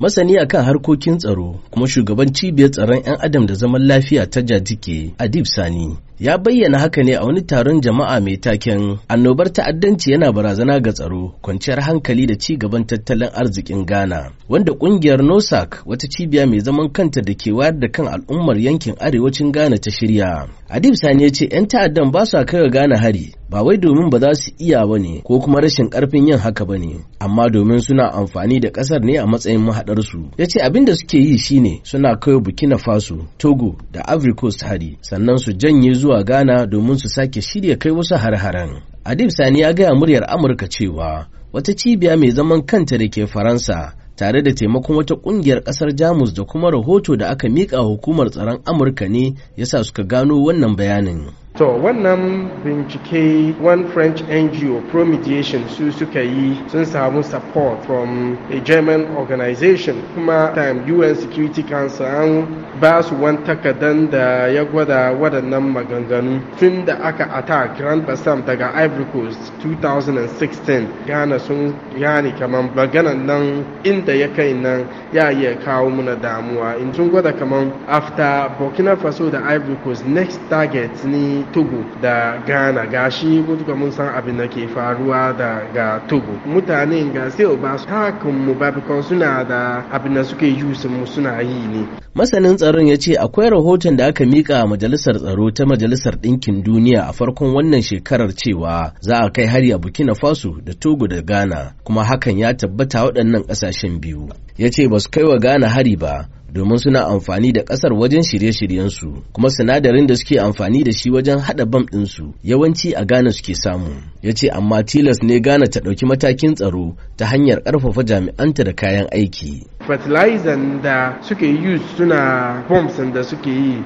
Masani kan harkokin tsaro kuma shugaban cibiyar tsaron 'yan adam da zaman lafiya ta jajike Adib Sani ya bayyana haka ne a wani taron jama'a mai taken annobar ta'addanci yana barazana ga tsaro kwanciyar hankali da ci gaban tattalin arzikin ghana wanda kungiyar nosac wata cibiya mai zaman kanta da ke wayar da kan al'ummar yankin arewacin ghana ta shirya adib sani ya ce 'yan ta'addan ba sa kai ghana hari ba wai domin ba za su iya ba ne ko kuma rashin karfin yin haka ba ne amma domin suna amfani da kasar ne a matsayin mahaɗarsu ya ce abin da suke yi shine suna kai Bukina faso togo da ivory coast hari sannan su janye zuwa zuwa Ghana domin su sake shirya kai wasu har-haren. Adib Sani ya gaya muryar Amurka cewa wata cibiya mai zaman kanta da ke Faransa tare da taimakon wata kungiyar kasar Jamus da kuma rahoto da aka miƙa hukumar tsaron Amurka ne yasa suka gano wannan bayanin. to wannan bincike one french ngo promediation su suka yi sun samu support from a german organization kuma time un security council an ba su wani takardan da ya gwada waɗannan maganganu tun da aka attack grand bassam daga ivory coast 2016 ghana sun gane kamar maganan nan inda ya kai nan ya iya kawo muna damuwa in sun gwada kamar after burkina faso da ivory coast next target ne togo da ghana gashi ko duka mun san abin da ke faruwa da ga togo mutane ga sai ba su hakan mu ba because suna da abin da suke su mu suna yi ne masanin tsaron ya ce akwai rahoton da aka mika a majalisar tsaro ta majalisar ɗinkin duniya a farkon wannan shekarar cewa za a kai hari a burkina faso da togo da ghana kuma hakan ya tabbata waɗannan ƙasashen biyu ya ce ba su kai wa ghana hari ba domin suna amfani da ƙasar wajen shirye-shiryensu kuma sinadarin da suke amfani da shi wajen haɗa bam ɗinsu yawanci a Ghana suke samu. Ya ce amma tilas ne Ghana ta ɗauki matakin tsaro ta hanyar ƙarfafa jami'anta da kayan aiki. Fertilizer da suke use suna bombs da suke yi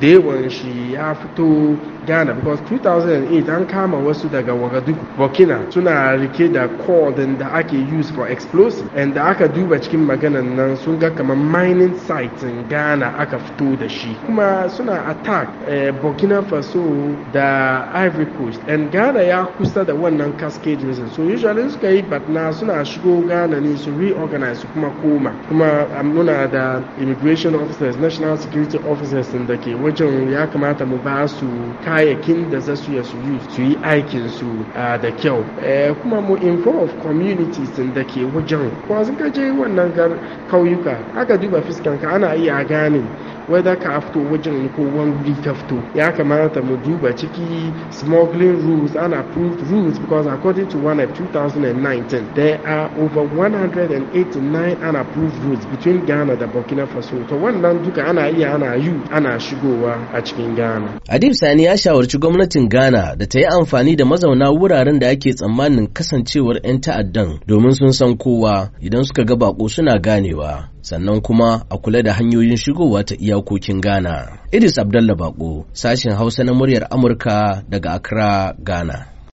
dewan shi ya fito ghana because 2008 an kama wasu daga wagadugu burkina suna rike da kodin da ake use for explosive and da aka duba cikin maganan nan sun ga kamar mining site in ghana aka fito da shi kuma suna attack eh, burkina faso da ivory coast and ghana ya kusa da wannan cascade so usually suka yi batna suna shigo ghana ne su reorganize su kuma koma kuma muna da immigration officers national security officers da ke wajen ya kamata mu ba su kayakin da za su yi su yi su yi aikin su da kyau e, kuma mu involve communities da ke wajen kwazin gaje wannan kauyuka aka duba fiskanka ana iya gane wai da ka afto wajen ko wani wuri ka fito ya kamata mu duba ciki smuggling rules and approved rules because according to one of 2019 there are over 189 unapproved rules between Ghana da Burkina Faso to wannan duka ana iya ana yi ana shigowa a cikin Ghana. Adib Sani ya shawarci gwamnatin Ghana da ta yi amfani da mazauna wuraren da ake tsammanin kasancewar 'yan ta'addan domin sun san kowa idan suka ga bako suna ganewa. sannan kuma a kula da hanyoyin shigowa ta iyakokin Ghana. Idris Abdallah Bako, sashen Hausa na muryar Amurka daga Accra, Ghana.